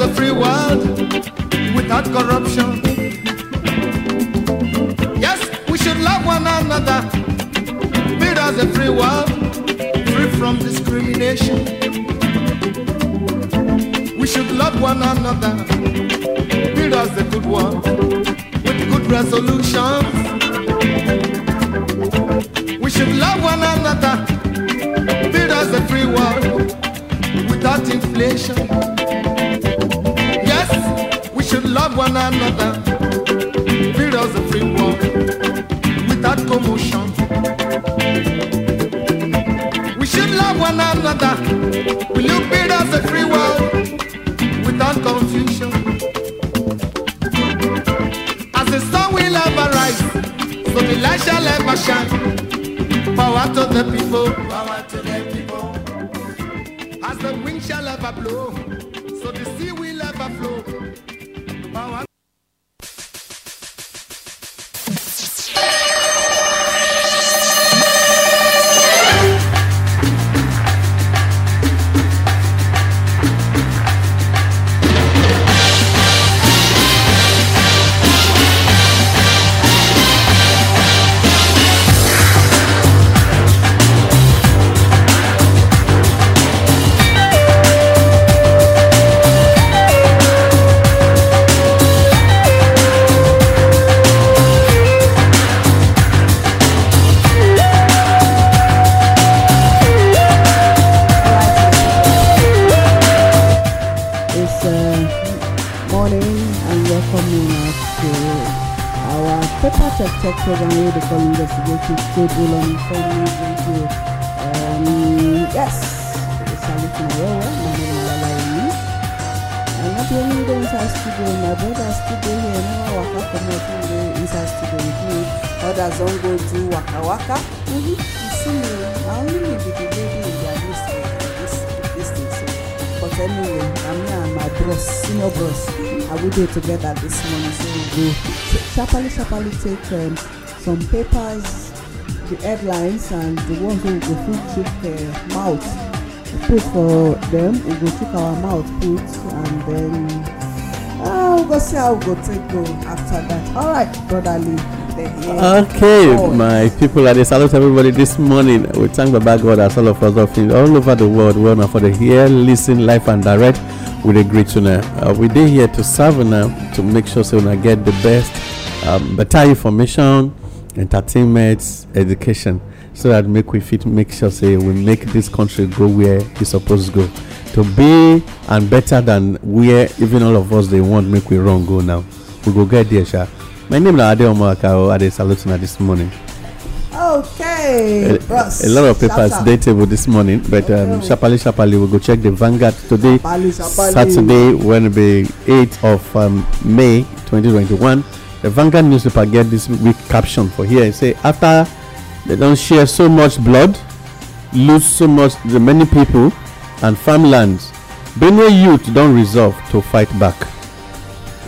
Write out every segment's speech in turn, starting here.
is a free world without corruption. Yes, we should love one another. Build us a free world, free from discrimination. We should love one another. Build us a good world with good resolutions. We should love one another. Build us a free world without inflation. love one another, build us a free world without commotion. We should love one another, will you build us a free world without confusion? As the sun will ever rise, so the light shall ever shine. Power to the people, to the people. As the wind shall ever blow, so the sea will ever flow. structures and where the foreign investigation stable and foreign going um, yes, it's a looking well, well, my name is I'm not the only one inside studio, my brother's studio here, and I walk up and walk in the inside studio with me. Others don't go to waka waka. Mm-hmm. You see me, I only live with the lady in their this, this, this thing, so. But anyway, I'm here and my bros, senior bros, I will do it together this morning, so we'll go. sharply, sharply take um, some papers, the headlines, and the ones we go fit check their uh, mouth. Put for them, we go check our mouth put, and then uh, we go see how we go take go after that. All right, brotherly. Okay, oh. my people, I salute everybody this morning. We thank Baba God as all of us often all over the world. We honor for the here, listen, life, and direct with a great tuner. Uh, we did here to serve now to make sure so we get the best um, better information, entertainment, education, so that make we fit make sure say we make this country go where it's supposed to go. To be and better than where even all of us they want make we wrong go now. We go get there, sha. My name is Ade Omoakao. Ade saluting this morning. Okay, Ross, a, lot of papers day table this morning, but um, okay. sharply, sharply, we'll go check the Vanguard today, shapali, shapali. Saturday, when be 8th of um, May 2021. The Vanguard newspaper get this week caption for here. It say after they don't share so much blood, lose so much the many people and farmlands, Benue youth don't resolve to fight back.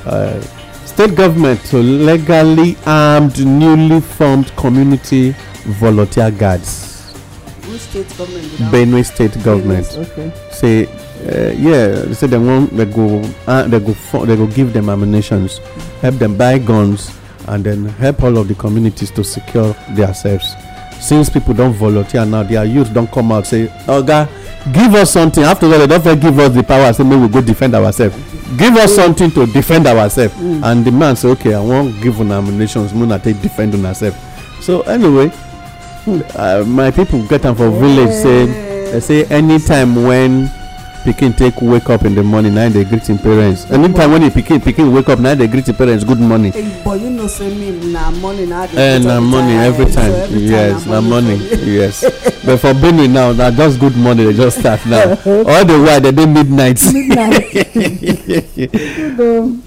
Uh, state government to legally armed newly formed community volunteer guards. Which state government? Benue state government. Benue, okay. Say Uh, yeah, they say they want they go uh, they go for, they go give them ammunition, help them buy guns, and then help all of the communities to secure themselves. Since people don't volunteer now, their youth don't come out say, "Oga, give us something." After that, they don't first give us the power. Say, "May we go defend ourselves." Give us something to defend ourselves. Mm. And the man say, "Okay, I won't give on ammunition. not take defend on ourselves." So anyway, hmm. uh, my people get them for village say they say anytime when pikin take wake up in the morning na dey greet him parents anytime when him pikin pikin wake up na dey greet him parents good morning but you know say me na morning eh, na dey greet na morning every time yes na morning yes but for benue now na just good morning dey just start now all the while dem dey midnight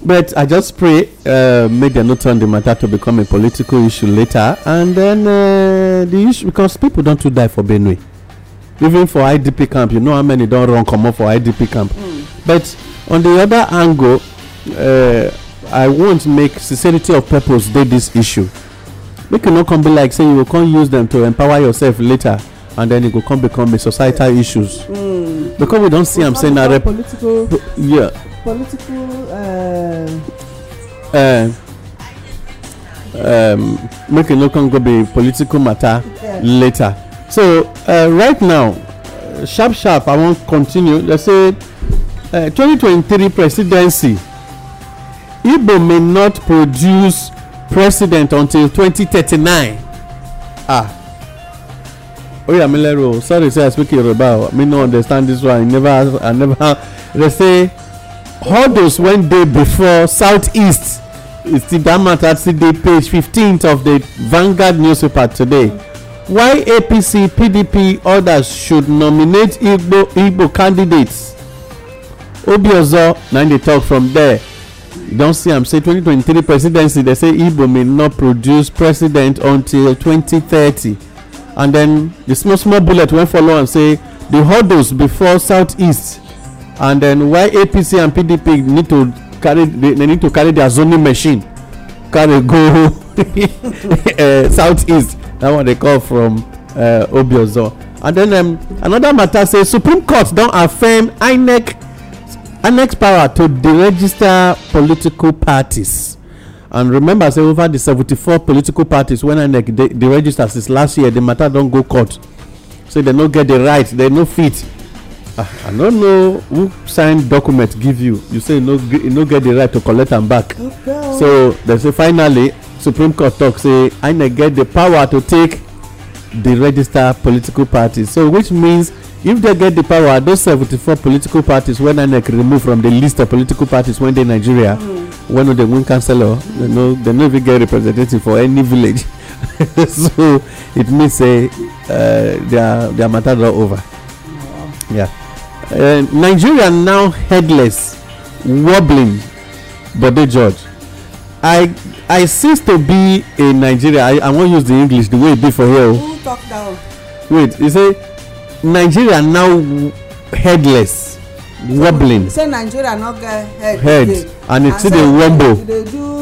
but i just pray uh, make dem no turn the matter to become a political issue later and then uh, the issue because people don too die for benue even for idp camp you know how many don run comot for idp camp but on the other angle uh, i want make sincerity of purpose dey this issue make e no come be like say you go come use them to empower yourself later and then e go come become a societal issues hmm. because we don see am say na rep political yeah political uh, um, um make e no come go be political matter later so uh, right now uh, sharp sharp i wan continue let's say uh, 2023 presidency igbo may not produce president until 2039 ah oyamilero sorry say i speak yoruba I me no understand this one i never i never they say all those when dey before southeast still that matter still dey page 15th of the vanguard newspaper today. Mm -hmm why apc pdp others should nominate igbo igbo candidates obiozo na im dey talk from there you don see am say 2023 presidency dey say igbo may not produce president until 2030 and then the small small bullet wey follow am say the hurdles before southeast and then why apc and pdp need to carry they need to carry their zoning machine carry go uh, southeast that one they call from uh, obiozo and then um, another matter say supreme court don affirm inec inec power to deregister political parties and remember say over the seventy-four political parties wey inec dey register since last year the matter don go court say dem no get the right dem no fit ah, i no know who sign document give you you say you no get the right to collect am back so dem say finally supreme court tok say inec get di power to take the register political parties so which means if they get the power those seventy-four political parties wey inec remove from the list of political parties wey dey nigeria wey no dey win councillor dem no even get representative for any village so it mean say uh, their matter don over mm. yeah uh, nigeria now headless wobbling body judge i i cease to be a nigeria i i won't use the english the way it be for here oh. who talk down? wait you say nigeria now headless so wobbling. say nigeria not get head, head and it's still dey wobble. They do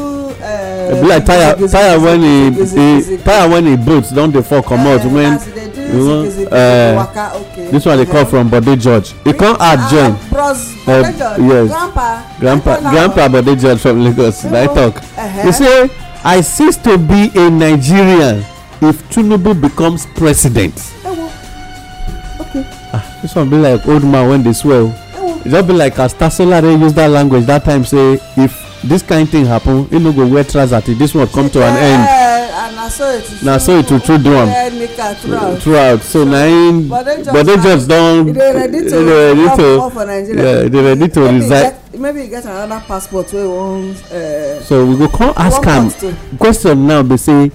uh, e like tire tire when e tire when e boat don dey fall eh, out eh, when you wan uh, eh, this one dey call from body george e come add ah, join ah, eh, yes grandpa grandpa body george from lagos na i talk You uh-huh. say i cease to be a nigerian if tinubu becomes president okay. ah, this one be like old man wey dey swell e just be like as tasolare use that language that time say if this kind thing happen e no go wear trouser till this one come to an end na so it true do am throughout so na im body just don dey ready to ready to. yeah dey ready to resign maybe you get another passport wey wan uh, so we go come ask am question now be say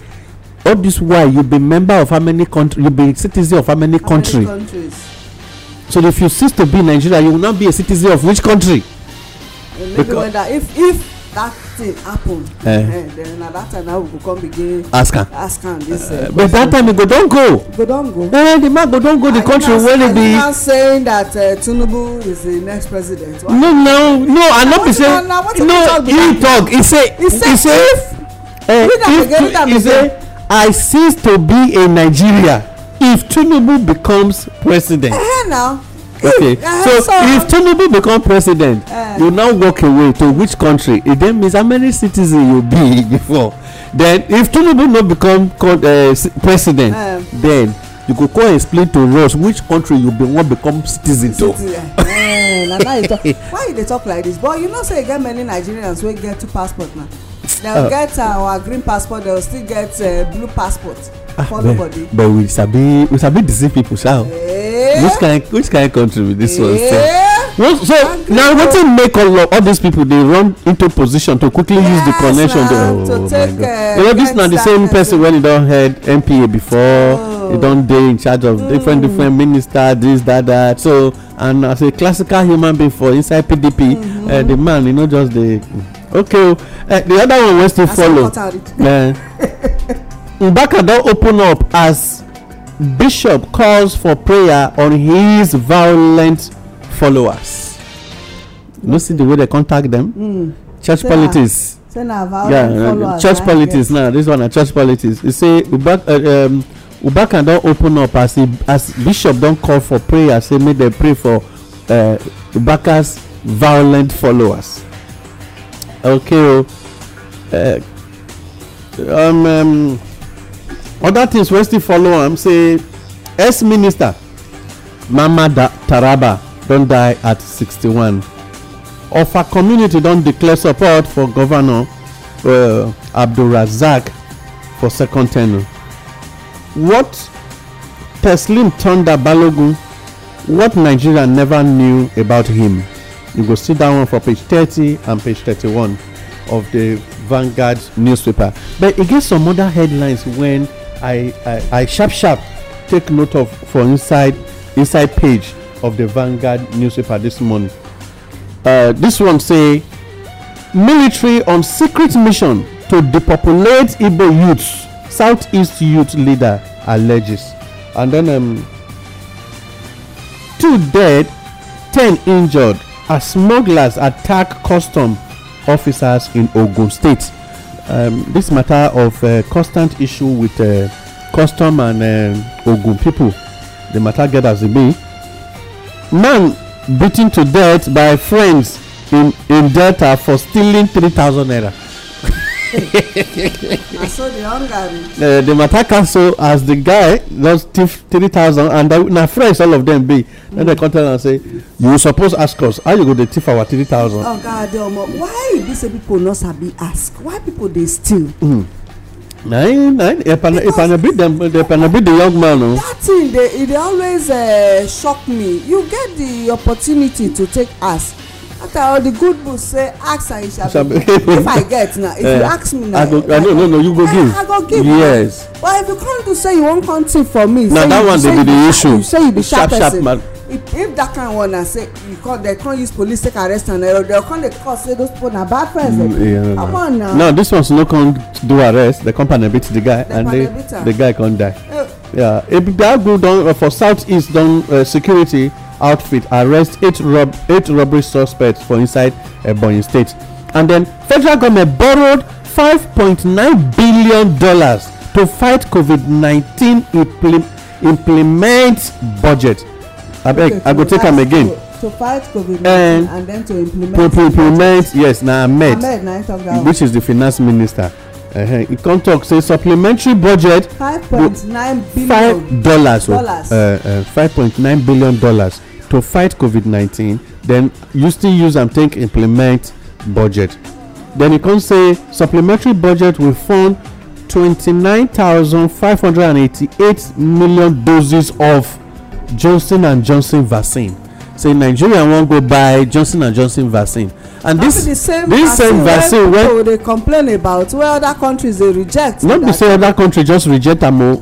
all this while you be member of how many country you be citizen of how many country Countries. so if you cease to be nigeria you will now be a citizen of which country maybe whether if if that thing happen eh. eh then na that time now we go come begin ask am ask am this uh, but that time e go don go go don go eh the man go don go the country wey dey be i hear saying that uh, tinubu is the next president no no no i no be say no he talk he say he say if he say i cease to be a nigeria if tinubu becomes president. Eh, now okay so, so if tinubu become president eh. you now walk away to which country e then means how many citizen you be before then if tinubu no become eh, president eh. then you go come explain to us which country you bin wan become citizen to. na now you talk why you dey talk like this but you know say e get many nigerians wey get two passport na dem uh, get our green passport dem still get uh, blue passport ah, for but, nobody. but we sabi we sabi deceive people sha. Eh? which kind which kind country be this eh? one sef. so Angry now wetin make all of all these people dey run into position to quickly yes, use the connection to oh to take, uh, you know this na the same person wey don head npa before oh. he don dey in charge of mm. different different minister this that that so and as a classical human being for inside pdp mm -hmm. uh, eh, the man he you no know, just dey. Mm, okay uh, the other one wey still follow uh, mbaka don open up as bishop calls for prayer on his violent followers you know see the way they contact them mm. church say politics say na violent yeah, uh, followers church politics now this one na church politics You say mbaka. Uh, um, ubakan don open up as he as bishop don call for prayer say make dem pray for uh, ubaka's violent followers okay o uh, um, um, other things wey still follow am say ex minister mama da taraba don die at 61 of her community don declare support for governor uh, abdulrazak for second term. what teslim thunder balogun what nigeria never knew about him You go see that one for page 30 and page 31 of the Vanguard newspaper. But it gets some other headlines when I, I, I sharp sharp take note of for inside inside page of the Vanguard newspaper this morning. Uh, this one say military on secret mission to depopulate Igbo youths. Southeast youth leader alleges, and then um, two dead, ten injured as smugglers attack custom officers in Ogun State. Um, this matter of uh, constant issue with uh, custom and uh, Ogun people, the matter get as it be. Man beaten to death by friends in, in Delta for stealing three thousand naira so the hungary. Uh, the matter cancel as the guy lost three thousand and na friends all of them be. then dem come tell am say you suppose ask us how you go dey thief our three thousand. oga oh, adeomo why e be say people no sabi ask why people dey steal. Mm. na him eh, na him epanabi eh, eh, dem epanabi the young man o. Oh. that thing dey e dey always uh, shock me you get the opportunity to take ask after all the good books say ask and you shall be if i get now if uh, you eh, ask me now i go i no no no you go eh, give i go give yes but if you come to say you wan come tip for me now that one dey be the issue you say you be sharp person if if that kind one na say you come dem come use police take arrest am or dem come dey call say those people na bad person mm, come on now now this ones no come do arrest The company panabit the guy and the the guy come die eh. yeah if that go don uh, for south east don uh, security outfit arrest eight, rob- eight robbery suspects for inside Ebonyi State. And then federal government borrowed 5.9 billion dollars to fight COVID-19 impl- implement budget. Abeg, okay, I go take am again. To, fight COVID-19 and, eh, and then to implement. implement, budget. yes, na Ahmed, Ahmed which is the finance minister. uh-huh. come talk say supplementary budget five point nine billion five dollars uh, five point nine billion dollars to fight covid-19 then you still use and take implement budget then you come say supplementary budget will fund 29,588 million doses of johnson and johnson vaccine say nigeria won't go buy johnson and johnson vaccine and this this same vaccine where people dey complain about where other countries they reject not be say other country just reject am o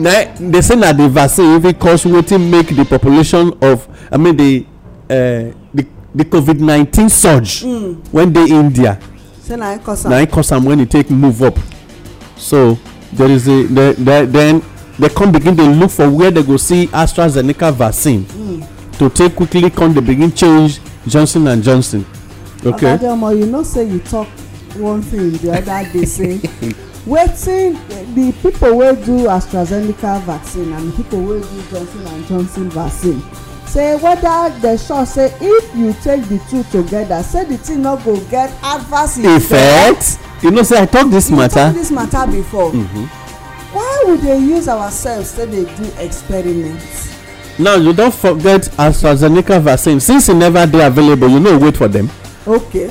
na they say na the vaccine even cause wetin make the population of i mean the uh, the, the covid nineteen surge. Mm. when dey india. say na im cause am na im cause when e take move up so there is a the, the, then they come begin dey look for where they go see astrazeneca vaccine. Mm. to take quickly come dey begin change johnson and johnson. okay oga adeomo you know say you talk one thing the other day say. wetin the people wey do astrazeneca vaccine and the people wey do johnson and johnson vaccine say whether dem sure say if you take the two together say the thing no go get adverse effect you know say i talk this matter you talk this matter before mm -hmm. why we dey use ourselves say dey do experiment. now you don forget astrazeneca vaccine since e never dey available you no wait for them. okay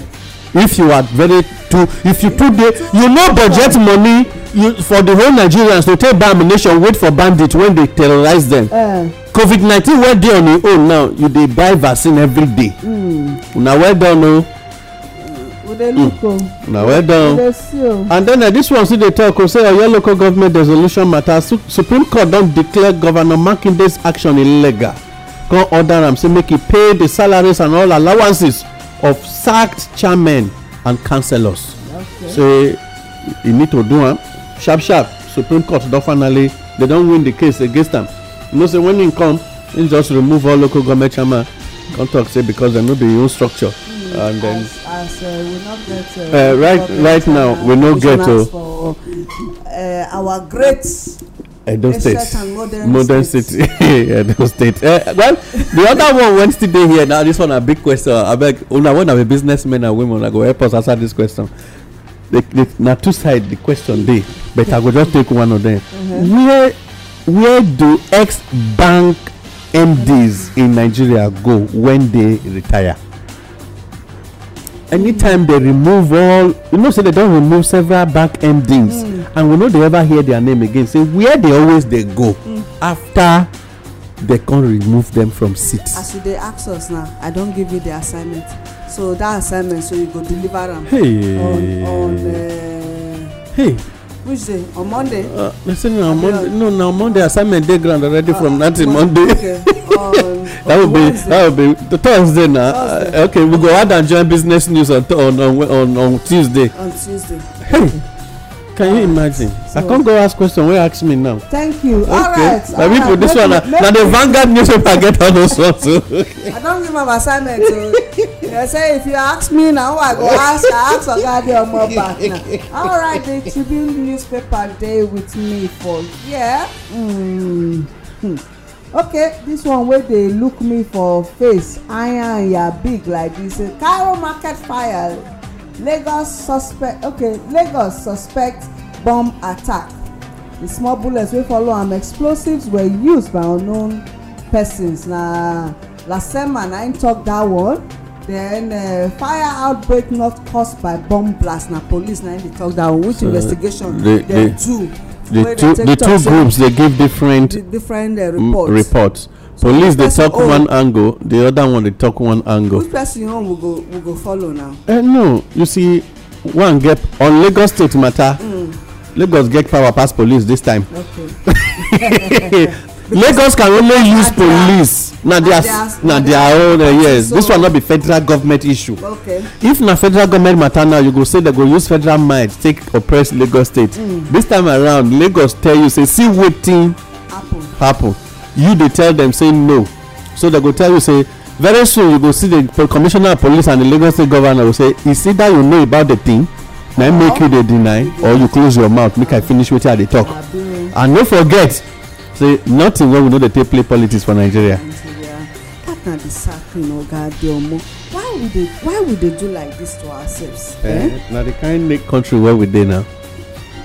if you are very too if you too dey you no budget money you for the whole nigerians to take buy ammunition wait for bandits when they terrorize them eh. covid nineteen wey dey on im own now you dey buy vaccine every day hmm. una well done o oh. we dey hmm. oh. well done oh. and then uh, this one still dey talk o say your local government resolution matter supreme court don't declare governor makinde's action illegal Go order him say make he pay the salaries and all allowances of sacked chairmen and councillors so e need to do am sharp sharp supreme court don finally they don win the case against am you know say when im come im just remove all local government chairman come talk say because dem no be own structure mm, and then as uh, we no get uh, eh, right right now we no get o oh. uh, our great Edo State. Modern, State. Edo State. Uh, well, the other one went still dey here now. This one na big question. Abeg, una oh, one when na businessmen and women una go help us answer this question. The, the, na two side the question dey but I go just take one of them. Mm-hmm. Where where do ex bank MDs in Nigeria go when they retire? anytime they remove all you know say they don remove several bank endings mm. and we no dey ever hear their name again say where they always dey go mm. after they come remove them from seats as you dey ask us now i don give you the assignment so that assignment so you go deliver am on on uh, hey which day on monday. Uh, listen on monday no now monday assignment day ground already uh, from ah, that monday. okay um, that would be that would be thursday na uh, thursday. Uh, okay we go add and join business news on on on on tuesday. on tuesday. Hey can you imagine i come go ask question wey ask me now thank you All okay na people this one na the vanguard newspaper get all those ones o i don give am assignment o they say if you ask me na who i go ask i ask oga dey omo back now right. the tribune newspaper dey with me for here mm. okay this one wey dey look me for face anya and ya big like this say market fire lagos suspect okay lagos suspect bomb attack The small bullets wey follow am explosives were used by unknown persons na lasema na im talk that one then uh, fire outbreak not caused by bomb blast na police na im dey tok dat one which so investigation dem do the two the two groups they give different different uh, reports. reports police dey talk one angle the other one dey talk one angle which person home we go we go follow now eh no you see one get on lagos state matter mm. lagos get power pass police this time okay lagos can only use police na their own eh, yes this one no be federal government issue Okay. if na federal government matter now you go say they go use federal might take oppress lagos state mm. this time around lagos tell you say see wetin happen you dey tell dem say no so dem go tell you say very soon you go see the commissioner of police and the lagos state governor go say is it that you know about the thing na im make you dey deny or you close your mouth make i finish wetin i dey talk and no forget say nothing wey we no dey take play politics for nigeria. that na the sacking oga adeomo why we dey why we dey do like this to ourselves. Eh? Eh? na the kind make country where we dey now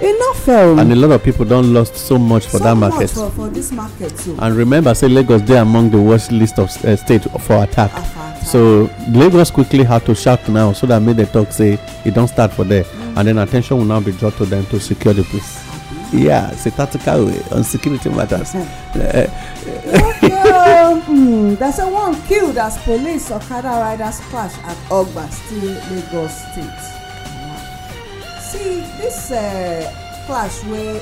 enough um, and a lot of people don lost so much for so that market so much for for this market too. and remember say lagos dey among the worst list of uh, state for attack. attack so lagos quickly had to shout now so that make the talk say e don start for there mm. and then attention will now be drawn to them to secure the place. yeah it's a tactical way on security matters. Hmm. Eh, um, hmm, there's a one killed as police okada riders crash at ogba still lagos state see this uh, clash where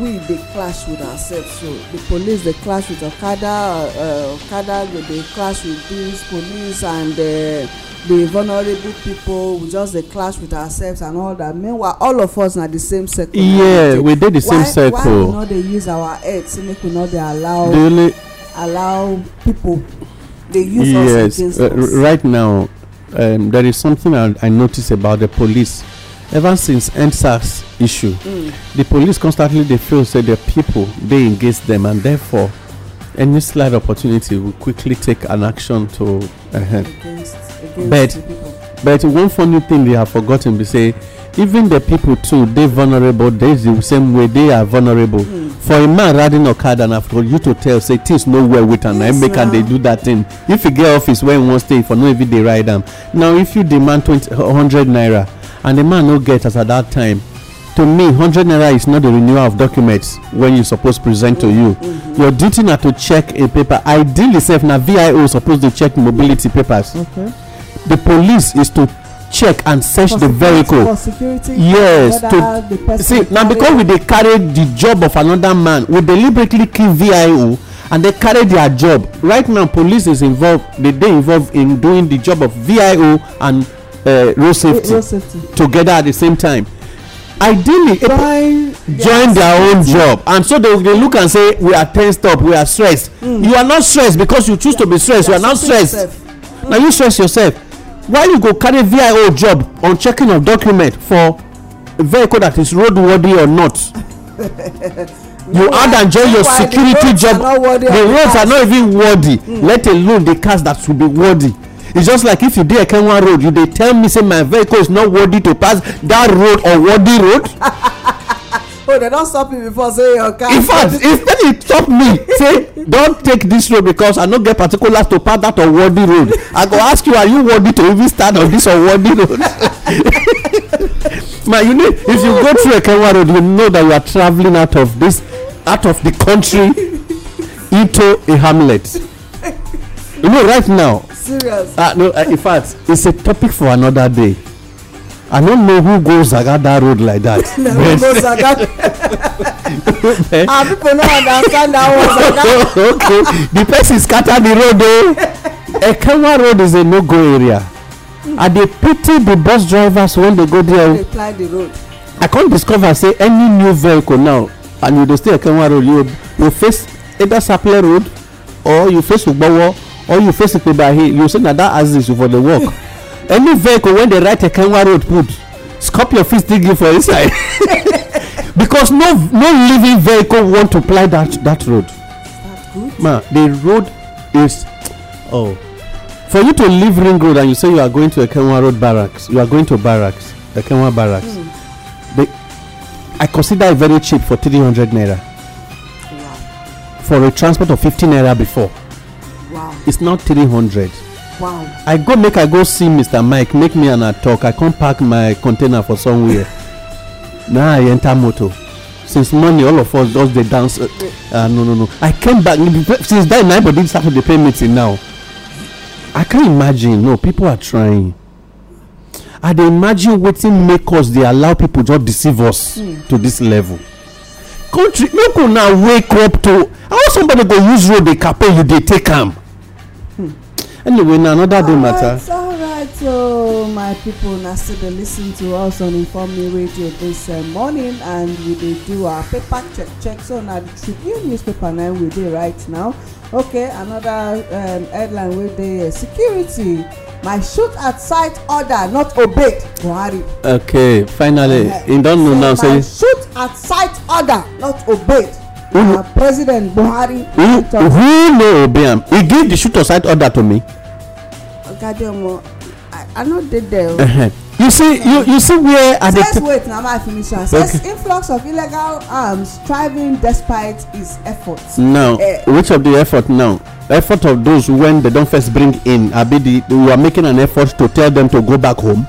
we dey clash with ourselves so the police dey clash with okada uh, okada go dey clash with dis police and uh, the vulnerable people we just dey clash with ourselves and all that meanwhile all of us na the same circle. yeah we dey the same why, circle. why we no dey use our head say make we no dey allow the allow people dey use yes, us against uh, us. yes right now um, there is something I, I notice about the police ever since endsars issue mm. the police constantly dey feel say dia people dey against them, and therefore any slight opportunity will quickly take an action to uh-huh, against but but one funny thing they have forgotten be say even the people too dey vulnerable They the same way they are vulnerable mm. for a man riding okada and for you to tell say things no well with am na him make am dey do that thing if e get office wey him wan stay for no even dey ride am now if you demand twenty hundred naira and the man no get as at that time to me 100 naira is not the renewal of documents when you suppose present to you mm-hmm. your duty na to check a paper ideally sef na vio suppose dey check mobility papers okay. the police is to check and search for the vehicle for security yes to see now because we dey carry the job of another man we deliberately kill vio and they carry their job right now police is involved they dey involved in doing the job of vio and uh, road safety, road safety together at the same time ideally By, join yes. their own job and so they, they look and say we are tensed up we are stressed mm. you are not stressed because you choose yeah. to be stressed you are not stressed mm. now you stress yourself why you go carry vio job on checking of document for vehicle that is roadworthy or not you add and join your security job the roads are not even worthy mm. let alone the cars that should be worthy it's just like if you dey ekenwa road you dey tell me say my vehicle is not worthy to pass that road or worthy road. oh dem don stop you before say your car in fact if person stop me say don take this road because i no get particulars to pass dat worthy road i go ask you are you worthy to even stand on dis worthy road My, you know if you go through ekenwa road you know that you are travelling out of this out of the country into a hamlet you know right now serious Ah no, uh, in fact it's a topic for another day i no know who go zaga road like that. na who go zaga our ah, people no understand that one zaga. okay the person scatter the road o eh? ekewa road is a no go area hmm. i dey pity the bus drivers when dey go there o. dey the road. i come discover say any new vehicle now and you dey stay ekewa road you go face either sapele road or you face ugbowo or you face ikpeba hill you say na that axis you for the work any vehicle wey dey right ekenwa road put scorpion fit still give for inside because no no living vehicle want to ply that that road ma the road is oh for you to leave ring road and you say you are going to ekenwa road barracks you are going to barracks ekenwa barracks mm. they i consider it very cheap for three hundred naira wow. for a transport of 15 naira before wow it's now hundred. wow i go make i go see mr mike make me and her talk i come pack my container for somewhere now i enter motor since money, all of us just they dance uh, uh, no no no i came back since that night but didn't start the dey pay me now i can't imagine no people are trying i dey imagine waiting make us dey allow people just deceive us mm. to this level country could now wake up to how somebody go use road dey campaign you they take am anyway na another day matter. alright o oh, my pipo na still dey lis ten to us on informe radio dis uh, morning and we dey do our paper check check so na the tribune newspaper na we dey right now okay another um, headline wey dey uh, security my shoot at sight order not obeyed buhari okay finally im don know now say my shoot at sight order not obeyed Uh, President Buhari. Who no obey am? He give the shoot aside order to me. Ogadeomo, I, I no dey there. Uh -huh. You see, you you see where are the. First wait na my finish am. Says okay. influx of illegal arms thriving despite his efforts. Now, uh, eh. which of the effort now? Effort of those when they don first bring in abi the we are making an effort to tell them to go back home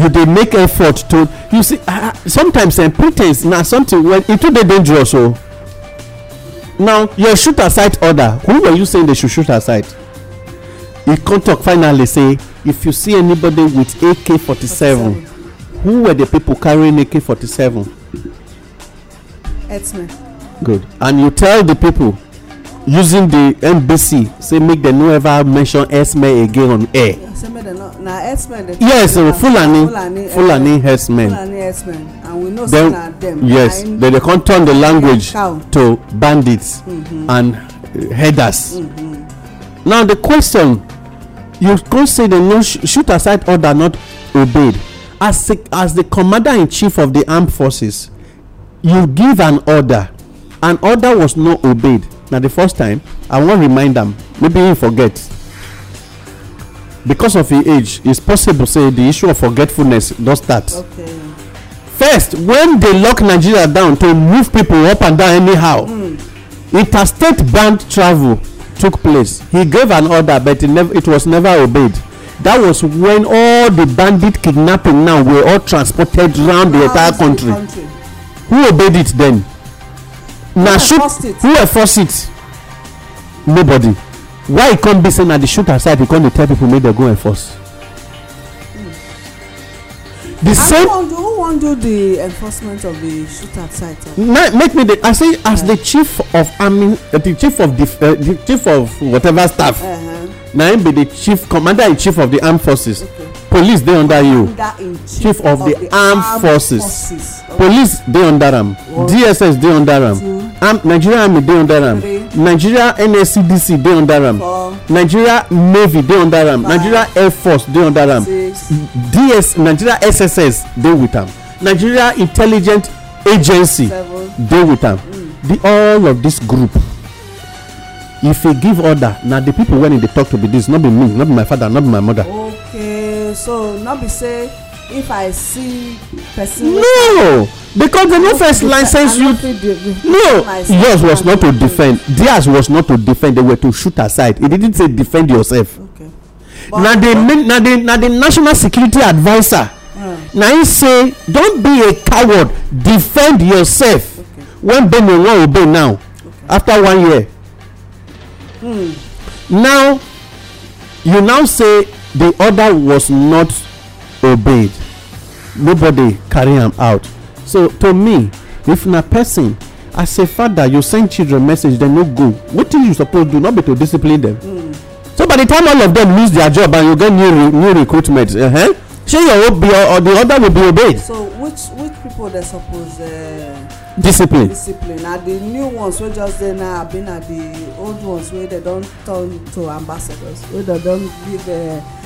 you dey make effort to you see ah, ah, sometimes um, pretense na something when e too dey dangerous o oh. now your shoot aside order who were you saying they should shoot aside e come talk finally say if you see anybody with ak forty seven, who were the people carrying ak-47 herdsmen good and you tell the people using the nbc say make dem no ever mention herdsmen again on air yes uh, fulani fulani herdsmen and we know say yes dem they come turn the language to bandits mm-hmm. and uh, herders mm-hmm. now the question you come say they no shoot aside order not obeyed as the commander in chief of the armed forces you give an order and order was not obeyed na the first time i wan remind am maybe he forget because of him age it's possible say the issue of forgetfulness don start okay. first when they lock nigeria down to move people up and down anyhow mm. interstate banned travel took place he gave an order but it, never, it was never obeyed that was when all the bandit kidnapping now were all transported round the entire country. country who obeyed it then na shoot who enforce it nobody why e come be say na the shooter side e come dey tell people make dem go enforce hmm. the same who wan do the enforcement of the shooter side make me dey i say as the chief of army eh, the chief of eh, the chief of whatever staff uh-huh. na him be the chief commander in chief of the armed forces police dey under you chief of the armed forces police dey under am dss dey under am nigeria army dey under am nigeria nscdc dey under am nigeria navy dey under am nigeria air force dey under am ds nigeria sss dey with am nigeria intelligence agency dey with am mm. the all of this group if e give order na the people wey e dey tok to be this, not be me not be my father not be my mother. okay so not be say if i see person. no because they no first license you no yours was not to defend theirs was not to defend they were to shoot aside it didn't say defend yourself okay. na the na the na the national security adviser mm. na him say don be a coward defend yourself when benin wan obey now after one year hmm. now you now say the order was not obeyed nobody carry am out so to me if na person as a father you send children message dem no go wetin you suppose do no be to discipline dem hmm. so by the time all of dem lose their job and you get new new recruitment uh-huh, uh -huh, shey your hope be or the order will be obeyed. so which which people dey suppose. Uh discipline discipline na the new ones wey just dey now abi na the old ones wey dey don turn to ambassadors wey dey don give. Uh,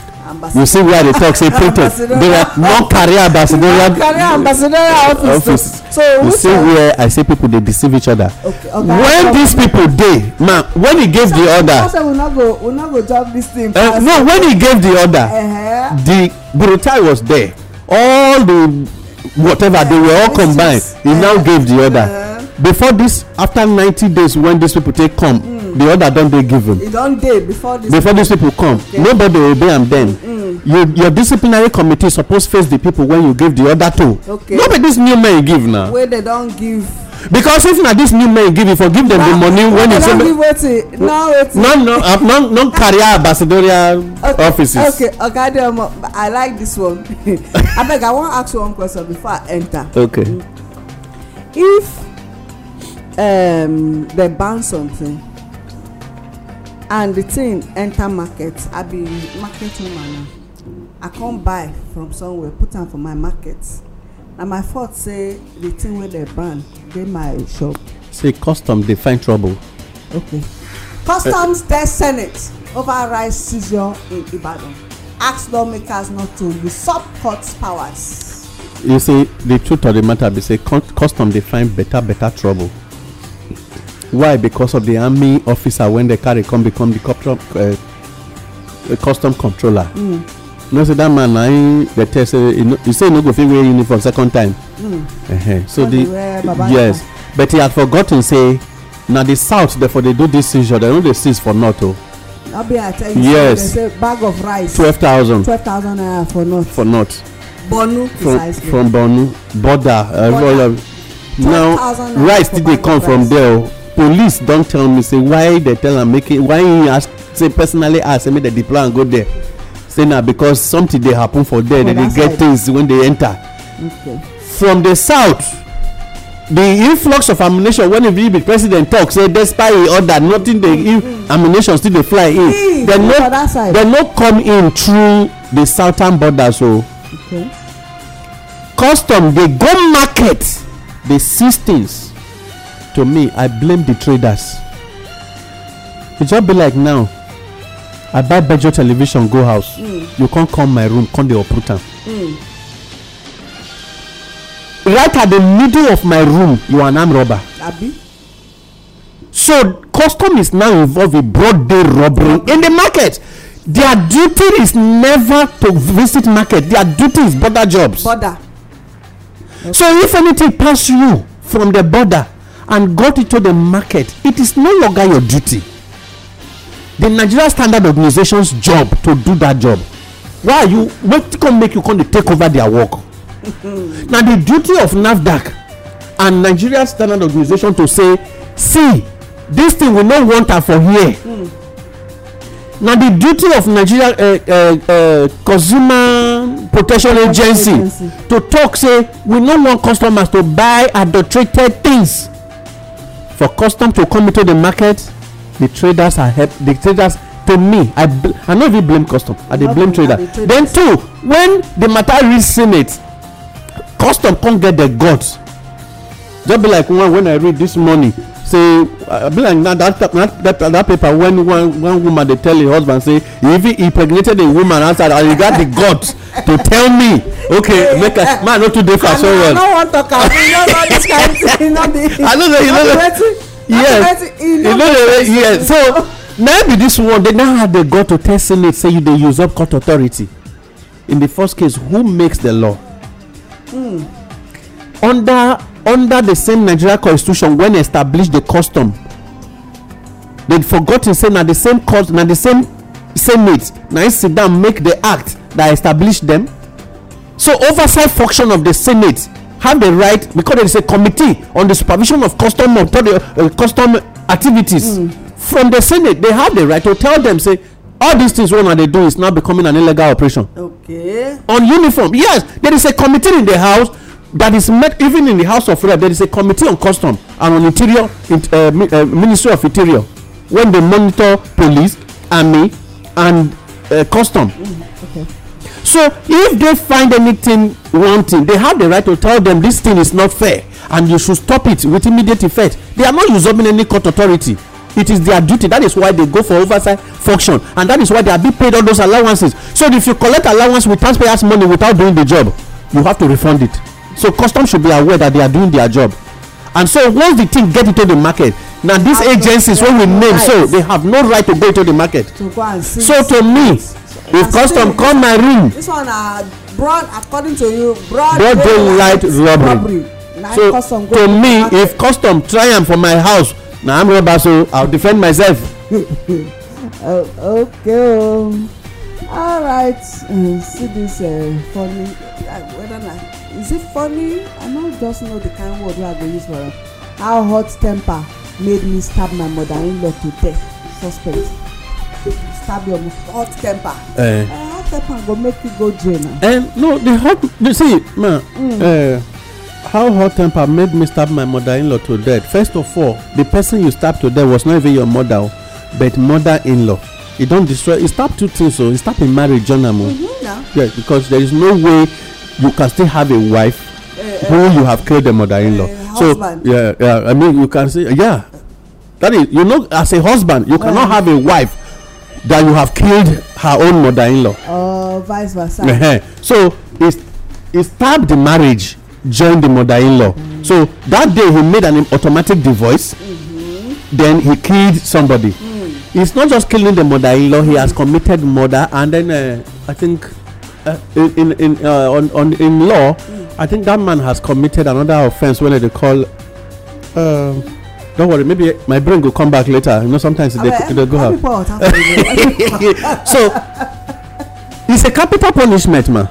you see where they talk say printed they are non-career ambassador. non-career ambassador. office. office so you see one? where i say people dey deceive each other. okay okay when these people dey ma when he gave the order. so we no go we no go talk this thing. Eh, no when he gave the order. Uh-huh. the burutai was there all the whatever uh, they were all combined he uh, now uh-huh. gave the order. Uh, before this after ninety days when these people take come mm. the order don dey given e don before this before these people come okay. nobody obey am then mm. you your disciplinary committee suppose face the people when you give the order to okay no be this new men give na wey dey don give because if na this new men give you for give them nah, the money when you say No, wetin now wetin no no uh, no no carry ambassadorial okay, offices okay okadeomo okay, i like this one abeg i wan ask you one question before i enter okay if um, they ban something and the thing enter market i be market woman i come buy from somewhere put am for my market na my fault say the thing wey dem ban dey my shop. say custom dey find trouble. okay customs uh, test senate override seizure in ibadan ask lawmakers not to usurp court powers. you see the truth of the matter be say customs dey find better better trouble why because of the army officer when they carry come become the custom uh, custom controller mm. you know say that man na him dey tell say he say he no go fit wear uniform second time mm. uh -huh. so the yes but he had forgotten say na the south therefore dey do this seizure they no dey seize for north o. Oh. abi i tell you yes. say bag of rice. twelve thousand. twelve thousand naira for north. for north. borno precisely. from from border. Uh, border. now rice still dey come from there o oh police don tell me say why they tell am make why he ask say personally ask say make dem deploy am go there say na because something dey happen for there oh, They dey get things when dey enter from the south the influx of ammunition when the be president talk say despite e order nothing dey mm-hmm. ammunition still dey fly in dem no dem no come in through the southern borders o oh. custom dey go market dey seize things to me i blame the traders It just be like now i buy bejo television go house mm. you come come my room come dey uproot am mm. right at the middle of my room you an armed robber so custom is now involved in broad day robbery in the market their duty is never to visit market their duty is border jobs border so if anything pass you from the border and got it to the market, it is no longer your duty. The Nigeria Standard Organization's job to do that job. Why you wetin come make you come dey take over their work? Na the duty of NAFDAC and Nigeria Standard Organization to say, see, this thing we no want am for here. Mm. na the duty of nigeria uh, uh, uh, consumer protection agency, agency to talk say we no want customers to buy adulterated things for custom to come into the market the traders are help the traders to me i bl- i no even blame custom i dey blame trader then two when the matter reach senate custom come get the guts just be like one when i read this morning say i be like na that that that, that paper when one one woman dey tell her husband say if he impregnated a woman outside and he got the guts to tell me okay eh, make eh, i man no too dey for so well. i no wan talk am you no know this kind thing no be. i no know you no know yes you know know yes so now be this one they now had the go to tell senate say you dey use up court authority in the first case who makes the law. Mm. under under the same nigeria constitution when established the custom they forgot to say na the same custom na the same senate na im sit down make the act that establish them. so oversight function of the senate have the right because there is a committee on the supervision of custom uh, custom activities mm. from the senate they have the right to tell them say all these things wey una dey do is now becoming an illegal operation okay on uniform yes there is a committee in the house that is met even in the house of rep there is a committee on custom and on interior uh, uh, ministry of interior wey dey monitor police army and uh, custom. Mm-hmm. Okay. So if they find anything wanting, they have the right to tell them this thing is not fair and you should stop it with immediate effect. They are not usurping any court authority. It is their duty. That is why they go for oversight function and that is why they are being paid all those allowances. So if you collect allowance with taxpayers' money without doing the job, you have to refund it. So customs should be aware that they are doing their job. And so once the thing get into the market, na these agencies wey we name so they have no right to go into the market so to me if custom come my ring. this one na uh, broad according to you broad daylight robbery so to me if custom try am for my house na i'm robber so i'll defend myself oh, okay o oh. all right uh, see this uh, funny uh, whether na is it funny i no just know the kind word wey i go use for am how hot temper made me stab my mother-in-law to death suspect stab your hot temper. Eh. Uh, hot temper go make you go jail na. Eh, no the hot you see ma. Mm. Eh, how hot temper made me stab my mother-in-law to death first of all the person you stab to death was not even your mother oh, but mother-in-law e don't destroy e stab two things So oh, e stab im marriage join am o. yes because there is no way you can still have a wife uh, uh, who you have killed the mother-in-law. Uh, husband. So, yeah, yeah. I mean, you can say, yeah. That is, you know, as a husband, you cannot have a wife that you have killed her own mother-in-law. Oh, vice versa. Uh-huh. so he it stabbed the marriage, joined the mother-in-law. mm So that day he made an automatic divorce. Mm-hmm. Then he killed somebody. Mm. It's not just killing the mother-in-law; he has committed murder, and then uh, I think uh, in in, in uh, on on in law. Mm I think that man has committed another offense when they call. Uh, don't worry, maybe my brain will come back later. You know, sometimes they, okay, they go out. so it's a capital punishment, man.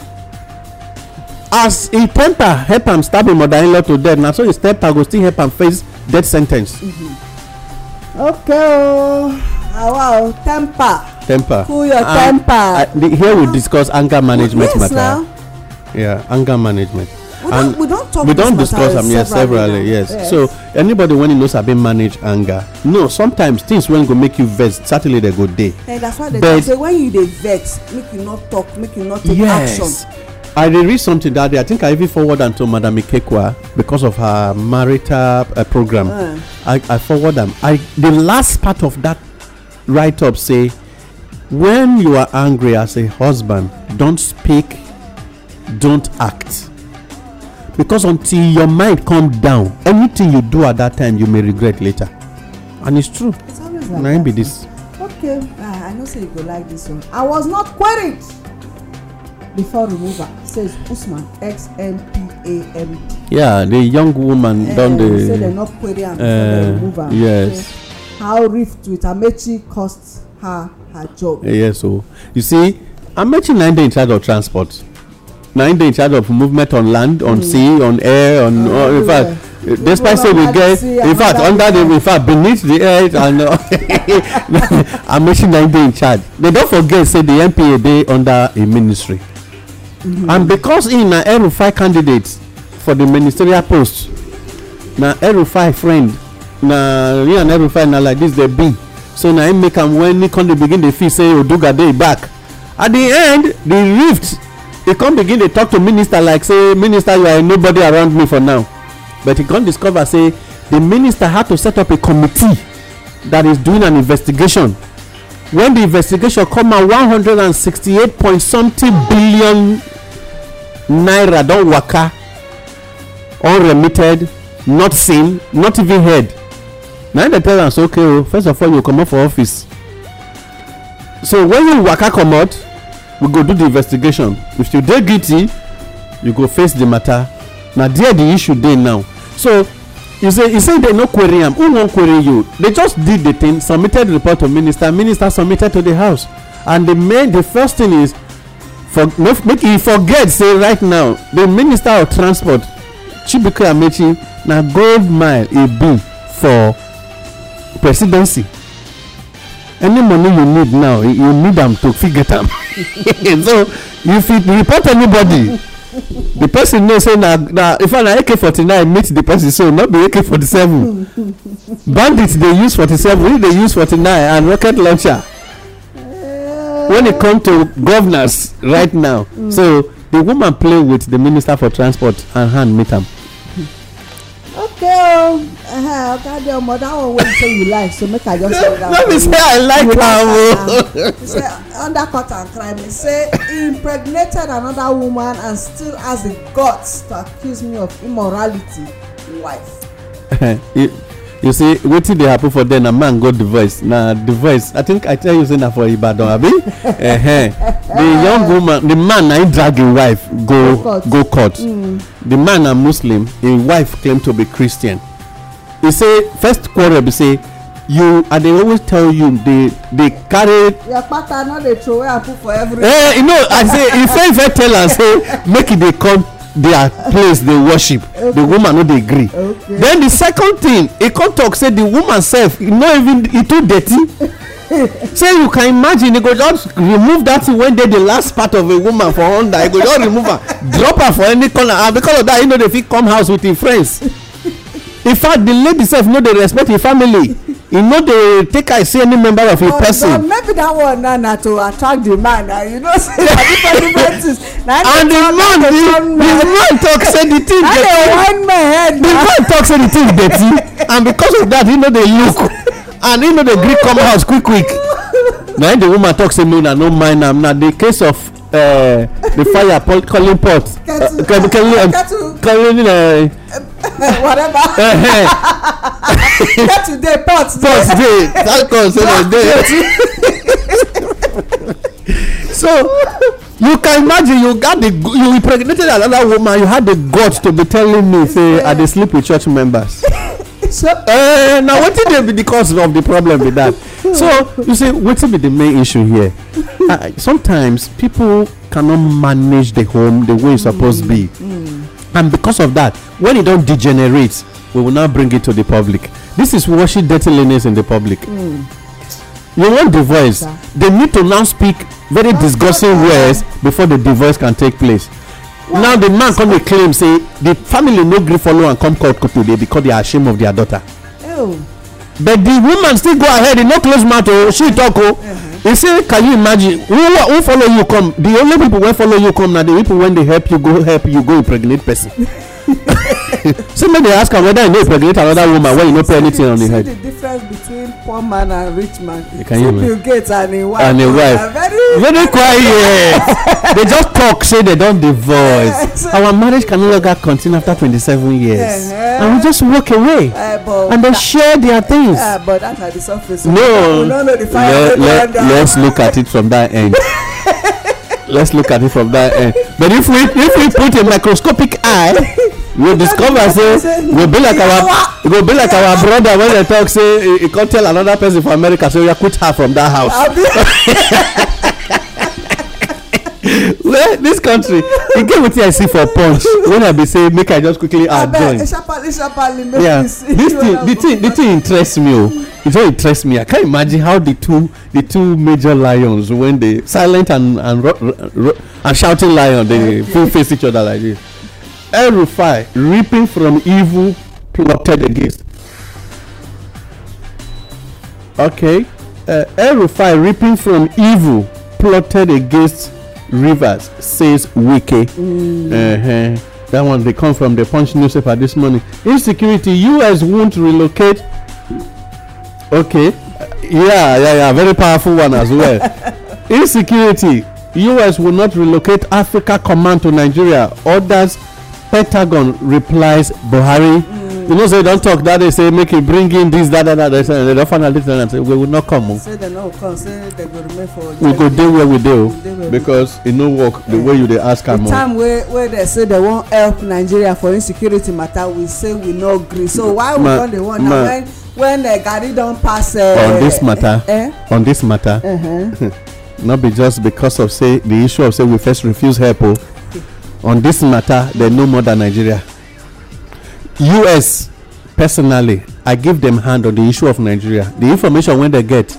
As he temper help am stab him mother-in-law to death, now so his temper go still help am face death sentence. Mm-hmm. Okay, oh, wow, oh, temper. Temper. Cool your and temper. I, the, here we discuss anger management matter. Now. yeah anger management we don't, we don't talk we don't discuss them yes severally yes. yes. so anybody when he knows how to manage anger no sometimes things when go make you vex certainly they go day. And eh, that's why they but, say when you they vex make you not talk make you not take yes. action I read something that day. I think I even forward them to Madam Ikekwa because of her marital uh, program. Uh. I, I forward them. I the last part of that write up say, when you are angry as a husband, don't speak don't act because until your mind calm down anything you do at that time you may regret later and it's true it's always be this. okay ah, i know say you go like this one i was not queried before Remover says usman xmpamd. yeah the young woman uh, don dey. say dem no query am before dem eh, remove yes. Okay. how rift with amechi cost her her job. Eh, yes o oh. so. you see amechi na dey in charge of transport. Now im in charge of movement on land on mm. sea on air on uh, in fact despite say we get in fact under the in fact beneath the earth and uh, amaechi na im in charge they don't forget say the npa dey under a ministry mm -hmm. and because im na five candidates for the ministerial post na five friend na me and five na like this dey be so na im make am when im come dey begin dey feel say oduga dey back at the end the rift e come begin dey talk to minister like say minister you are nobody around me for now but he come discover say the minister had to set up a committee that is doing an investigation when the investigation come out one hundred and sixty-eight point something billion naira don waka unremitted not seen not even heard Now im dey tell am say okay o oh, first of all you comot for office so when you waka comot we go do the investigation if you dey guilty you go face the matter na there the issue dey now so you say say they no query am who wan query you they just did the thing submitted the report to minister minister submitted to the house and the main the first thing is for make e forget say right now the minister of transport Chibuka amechi na gold mile e be for presidency any money you need now you need am to fit get am so if you report anybody the person know say na na in fact na ak forty nine meet the person so no be ak forty seven bandits dey use forty seven we dey use forty nine and rocket launcher when e come to governors right now so the woman play with the minister for transport and hand meet am okay o oga dey omo that one wey say you like so make i just say that one no be say i like am o he say undercut and crime he say he impregnated another woman and still has the guts to accuse me of immorality wife you see wetin dey happen for there na man go divorce na divorce i think i tell you say na for ibadan abi uh-huh. the young woman the man na him drag him wife go go court mm. the man na muslim him wife claim to be christian e say first quarrel be say you i dey always tell you dey dey carry. your pata no dey throway am put for everywhere. eh you know i say e say e first tell am say make e dey come their place dey worship the woman no dey gree then the second thing e come talk say the woman sef e no even e too dirty say you can imagine e go just remove that thing wey dey the last part of a woman for under e go just remove am drop am for any corner and because of that e no dey fit come house with im friends in fact the lady sef no dey respect im family e no dey take eye see any member of a person but maybe that one na na to attract the man na you know say na different different things na and the man the man talk say the thing dirty na dey wind my head na the man talk say the thing dirty and because of that he no dey look and he no dey gree come house quick quick na the woman talk say no na no mind am na the case of uh, the fire calling pot uh, kettle kettle uh, um, kettle uh, um, whatever get today pot dey pot dey that come dey so you can imagine you got the you impregnated another woman you had the guts to be telling me say i dey sleep with church members so uh, now wetin dey be the cause of the problem be that so you see wetin be the main issue here uh, sometimes people cannot manage the home the way e suppose be mm. and because of that when it don't degenerate we will now bring it to the public this is washing dirty linens in the public mm. you want divorce yeah. they need to now speak very oh, disgusting words before the divorce can take place what? now the man come dey claim say the family no gree follow am come court today because they are ashamed of their daughter Ew. but the woman still go ahead e no close mouth o oh, she talk o oh. mm-hmm. e say can you imagine who who follow you come the only people wey follow you come na the people wey dey help you go help you go impregnate person. they ask am whether he no pregnant another woman when he no put anything on the head. see the difference between poor man and rich man. you can hear me bill gates and him wife and him wife very quiet they just talk say they don divorce yes. our marriage can no longer continue after twenty-seven years yeah. Uh-huh. and we just walk away uh, and they share their things. Uh, but that na the surface. no let, let, let's look at it from that end. let's look at it from that end. But if we if we put a microscopic eye we discover say we be like our we be like our brother when they talk say he come tell another person for america say we quit her from that house well this country e get wetin i see for punch when i be say make i just quickly add join yeah this thing the thing the thing interest me o e very interest me i can't imagine how the two the two major lions when they silent and and and shouting lion dey full face each other like this El-Rufai reaping from evil plotted against. Okay. Uh, el reaping from evil plotted against rivers says Wiki. Mm. Uh-huh. That one they come from the Punch newspaper this morning. Insecurity. U.S. won't relocate. Okay. Uh, yeah, yeah, yeah. Very powerful one as well. Insecurity. U.S. will not relocate Africa Command to Nigeria. Orders pentagon replies buhari mm. you know say don talk that day say make you bring in this that that that They say they don finally tell am say we will not come o. Oh. say dem no come say dem go remain for. we go dey where we dey o because e no work the way you dey ask am o. the oh. time wey wey dem say dem wan help nigeria for insecurity matter we say we no gree so why we don dey want na when when uh, gari don pass. Uh, on this matter eh? on this matter. Uh -huh. no be just because of say the issue of say we first refuse help o. Oh. on this matter they know more than nigeria us personally i give them hand on the issue of nigeria the information when they get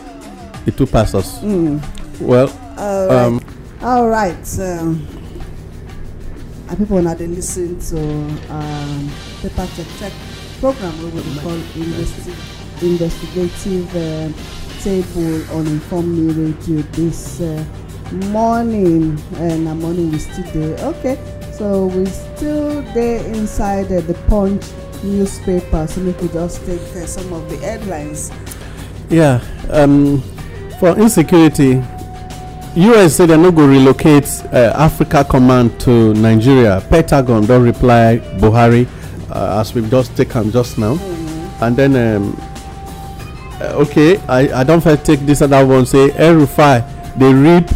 it will pass us mm. well all right, um, all right. Um, and people now they listen to um, paper check check program we would call investi- investigative uh, table on inform me radio this uh, morning and uh, morning we still there okay so we still there inside uh, the Punch newspaper, so we could just take uh, some of the headlines. Yeah, um, for insecurity, US said they're not going to relocate uh, Africa Command to Nigeria. Pentagon don't reply Buhari, uh, as we've just taken just now. Mm-hmm. And then, um, uh, okay, I, I don't take this other one, say El they read.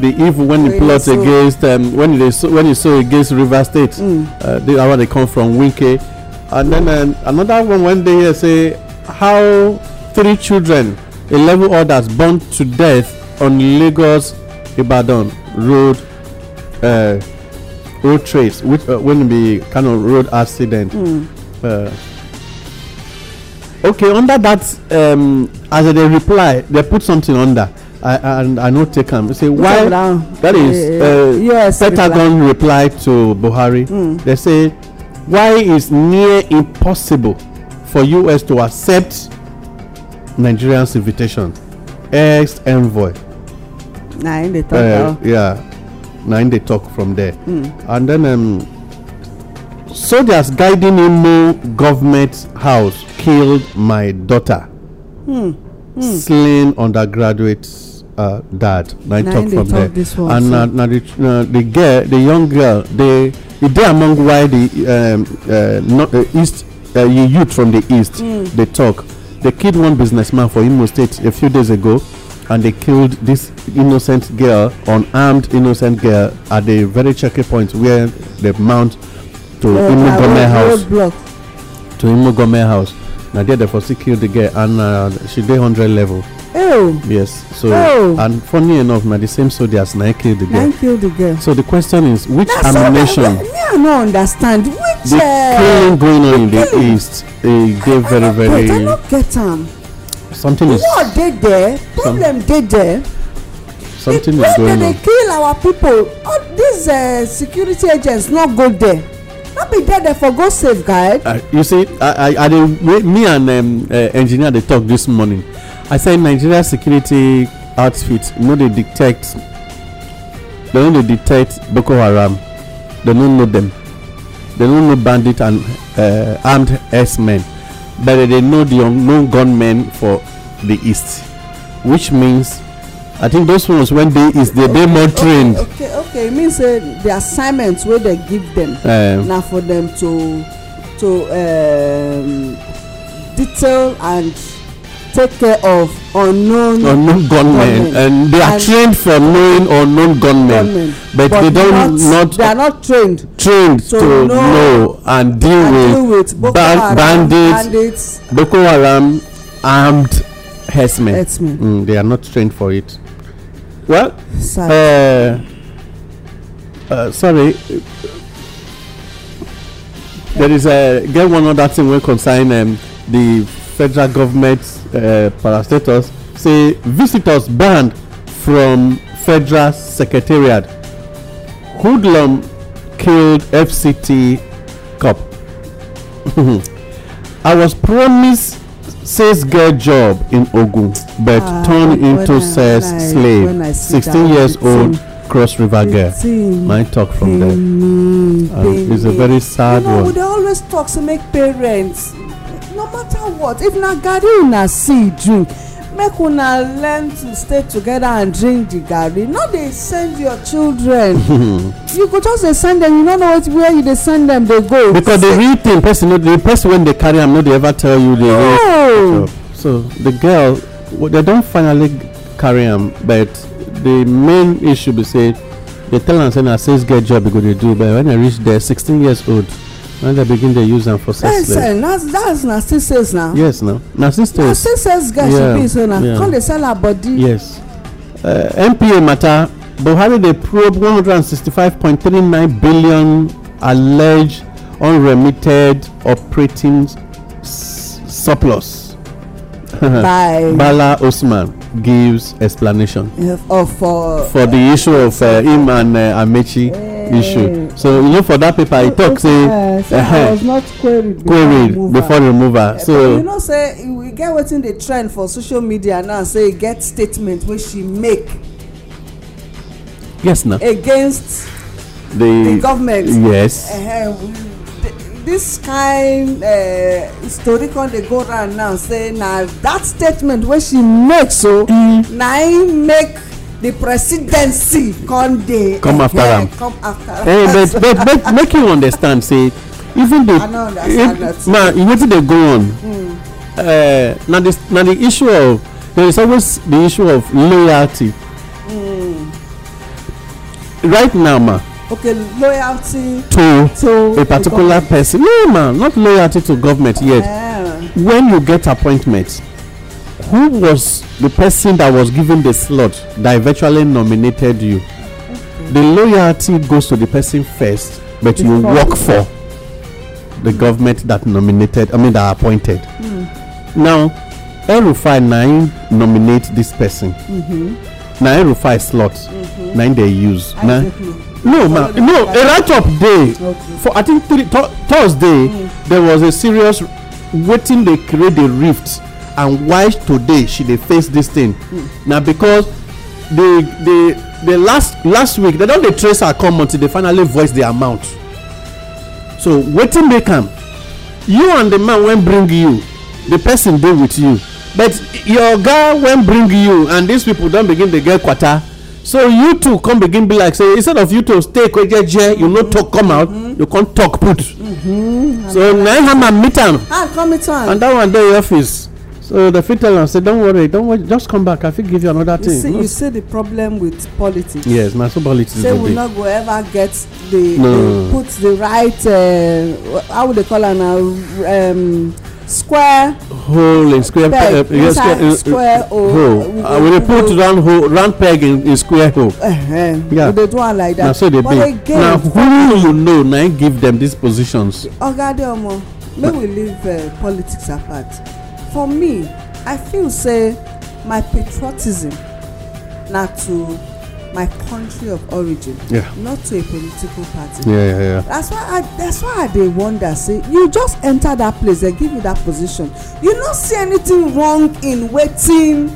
the evil when he plot against um, when he when he saw against River State. Mm. Uh, they are they come from Winke, and then um, another one when they hear say how three children, eleven others burned to death on Lagos Ibadan road. Uh, road trace which uh, wouldn't be kind of road accident mm. uh, okay under that um, as they reply they put something under And I, know no take am say why that is eh, uh, eh, eh, yes, Pentagon reply. to Buhari mm. they say why is near impossible for US to accept Nigerians invitation ex envoy nine they talk uh, yeah nine they talk from there mm. and then um, soldiers guiding in government house killed my daughter. Hmm. Hmm. Slain undergraduates uh, dad na him talk from there and uh, now na the uh, the girl the young girl they they among why the um, uh, not, uh, east uh, youth from the east mm. dey talk The kid one businessman for Imo State a few days ago and they killed this innocent girl unarmed innocent girl at the very checky point where they mount to uh, Imo Gome house to Imo Gome house now there they first see kill the girl and uh, she dey hundred level. Oh. Yes. So oh. and funny enough, now the same soldiers now killed the girl. Now killed the girl. So the question is, which That's ammunition? So, yeah, I don't understand. Which the uh, killing going on in the east? They they very very. I not get them. Um, something is. What did there? Problem did there. Something the is going they on. they kill our people. All these uh, security agents not go there. Not be there dey for go safeguard. Uh, you see i i i dey me and um, uh, engineer they talk this morning i say nigeria security outfit no dey detect dem no dey detect boko haram dem no know dem dem no know bandit and uh, armed herdsmen but dem dey know the unknown gunmen for the east which means i think those ones wey dey east dey dey more trained okay okay e mean say uh, di assignment wey dem give dem um. na for dem to to um, detail and take care of unknown unknown gunmen, and they are and trained for knowing unknown gunmen, But, but they don't not, not they are not trained trained to, to know, know and deal and with, deal with ban bandits, bandits boko haram armed herdsmen mm, they are not trained for it well sorry, uh, uh, sorry. there is a get one other thing when concern um, the federal government uh, parastatus say visitors banned from federal secretariat hoodlum killed fct cup i was promised sales girl job in ogun but ah, turned into sex slave 16 years old cross river girl my talk from there um, it's a very sad you know, one we dey always talk to make parents no matter what if na garri una see drink make una learn to stay together and drink the garri no dey send your children you go just dey send them you no know where you dey send them dey go. because the real thing person no the person wey dey carry am no dey ever tell you the no. so the girl well, they don finally carry am but the main issue be say they tell am say na sales get job e go dey do but when i reach there sixteen years old and they begin to use them for sex play. yes that's na still na. yes na na still sales. na still sales she be so na come dey sell her body. yes npa uh, matter buhari dey probe one hundred and sixty-five point three nine billion alleged unremitted operating surplus. by bala osman gives explanation. Uh, for, for the issue of uh, him and uh, amechi. Uh, issue so you know for that paper e talk say i was uh-huh, not queried before removal eh, so you know say we get what's in the trend for social media now say get statement where she make yes na against the government yes eh, this kind story con dey go round now say now that statement where she make so na im mm. make the presidency come dey come after am Hey, eh, but but make you understand say even though ma wetin dey go on Uh, na the na the issue of there is always the issue of loyalty Hmm. right now ma okay loyalty to to a particular person no ma not loyalty to government yet eh. when you get appointment who was the person that was given the slot that eventually nominated you? Okay. The loyalty goes to the person first, but Before. you work for the government that nominated, I mean, that appointed. Mm. Now, El 9 nominate this person. Mm-hmm. Now, El slot, mm-hmm. nine they use. Now, no, ma- no, a right up day. Okay. For I think three, th- Thursday, mm. there was a serious waiting, they create a rift and why today she dey face this thing hmm. na because the the the last last week they don dey trace her come until they finally voice the amount so wetin make am you and the man wey bring you the person dey with you but your guy wey bring you and these people don begin dey get kwata so you two come begin be like say instead of you to stay kwejeje you no talk come out mm-hmm. you come talk put mm-hmm. so na him ah, meet am and that one dey your office So oh, the fitter and am say don't worry don't worry just come back I fit give you another you thing. See, mm. You hmm? see the problem with politics. Yes na so politics dey. Say we no go ever get the no. the put the right uh, how we dey call am na uh, um, square. hole in square peg, peg uh, yes, square, uh, square uh, hole. hole. Uh, we dey put round hole round peg in, in square hole. Uh eh, -huh. Eh, yeah. we dey do am like that. na so dey be na who you know na him give them these positions. oga de omo make we leave uh, politics apart for me i feel say my patriotism na to my country of origin yeah. not to a political party yeah, yeah, yeah. that's why i that's why i dey wonder say you just enter that place they give you that position you no see anything wrong in wetin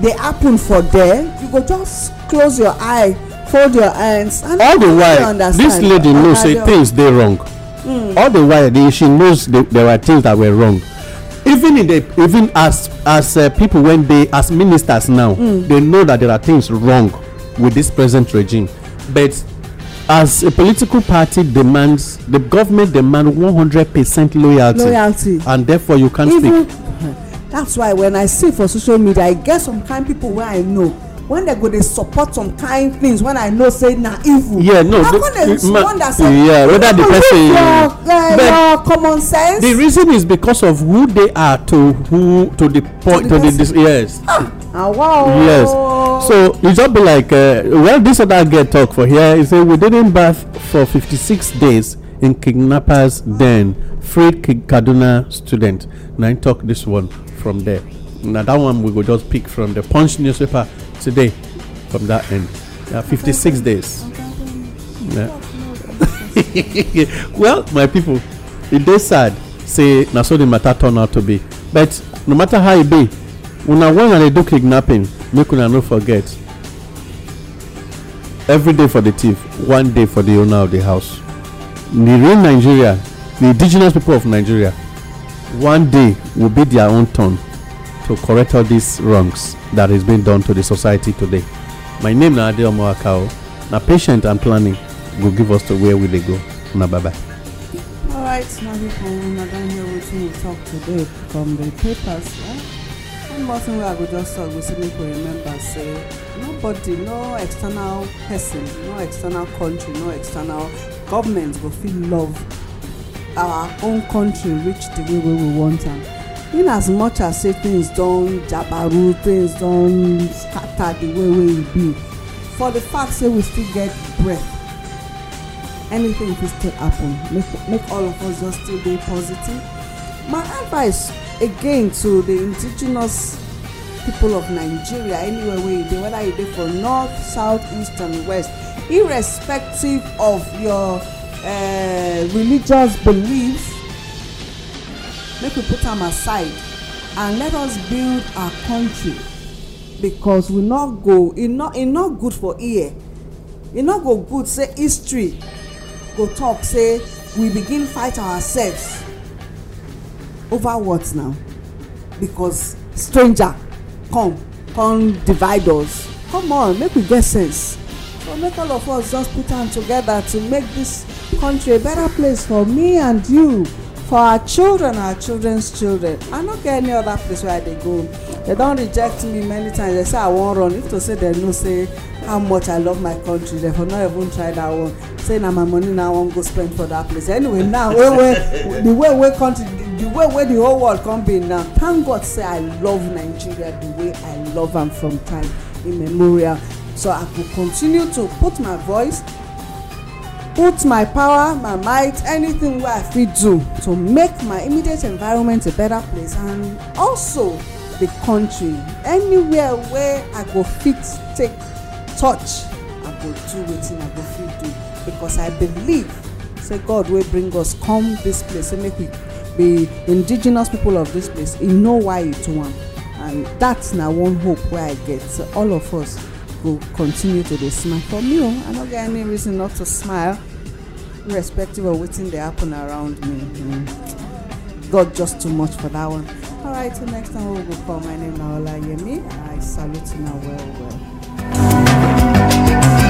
dey happen for there you go just close your eye fold your hands and all the while this lady know say things dey wrong mm. all the while the, she knows the, there were things that were wrong even in the even as as uh, people when they as ministers now mm. they know that there are things wrong with this present regime but as a political party demands the government demand 100 percent loyalty loyalty and therefore you can't even, speak that's why when i see for social media i get some kind people where i know when they go dey support some kind things when i know say na evil yeah no how come dey wonder say yeah oh, whether the person you uh, eh, your common sense the reason is because of who they are to who to the point to the, to the yes ah, ah. wow. Yes. So you just be like, uh, well, this other girl talk for here. He say We didn't bath for 56 days in kidnappers' den. Freed Kaduna student. Now I talk this one from there. Now that one we will just pick from the Punch newspaper today from that end. Uh, 56 days. Yeah. well, my people, it is sad. Say, na so the matter turn out to be. But no matter how it be, una when they do kidnapping, make una no forget. Every day for the thief, one day for the owner of the house. The real Nigeria, the indigenous people of Nigeria, one day will be their own turn to correct all these wrongs that is being done to the society today. My name is Ade Omoakao. Now patient and planning go give us to where we dey go. Una bye bye. All right, now we can una don hear wetin we talk today from the papers. Eh? One more thing we I just talk We simply make remember say nobody, no external person, no external country, no external government will feel love our own country reach the way we want am in as much as say things don jabaru things don scatter the way wey e be for the fact say we still get breath anything fit still happen make make all of us just still dey positive my advice again to the indigenous people of nigeria anywhere wey you dey whether you dey for north south east and west irrespective of your uh, religious beliefs make we put am aside and let us build our country because we no go e no e no good for ear e no go good say history go talk say we begin fight ourselves over what now because stranger come come divide us come on make we get sense so make all of us just put hand together to make this country a better place for me and you for our children our children's children i no get any other place where i dey go they don reject me many times they say i wan run if to say they know say how much i love my country they for no even try that one say na my money na i wan go spend for that place anyway now wey wey the way wey country the way wey the whole world come be now thank god say i love nigeria the way i love am from time immemorial so i go continue to put my voice put my power my might anything wey i fit do to make my immediate environment a better place and also the country anywhere wey i go fit take touch i go do wetin i go fit do because i believe say god wey bring us come this place say make we be indigenous people of this place e know why e do am and that na one hope wey i get all of us go continue to dey smile for me o oh, i no get any reason not to smile irrespective of wetin dey happen around me mm. god just too much for that one all right till next time we go call my name na olayemi i salute una well well.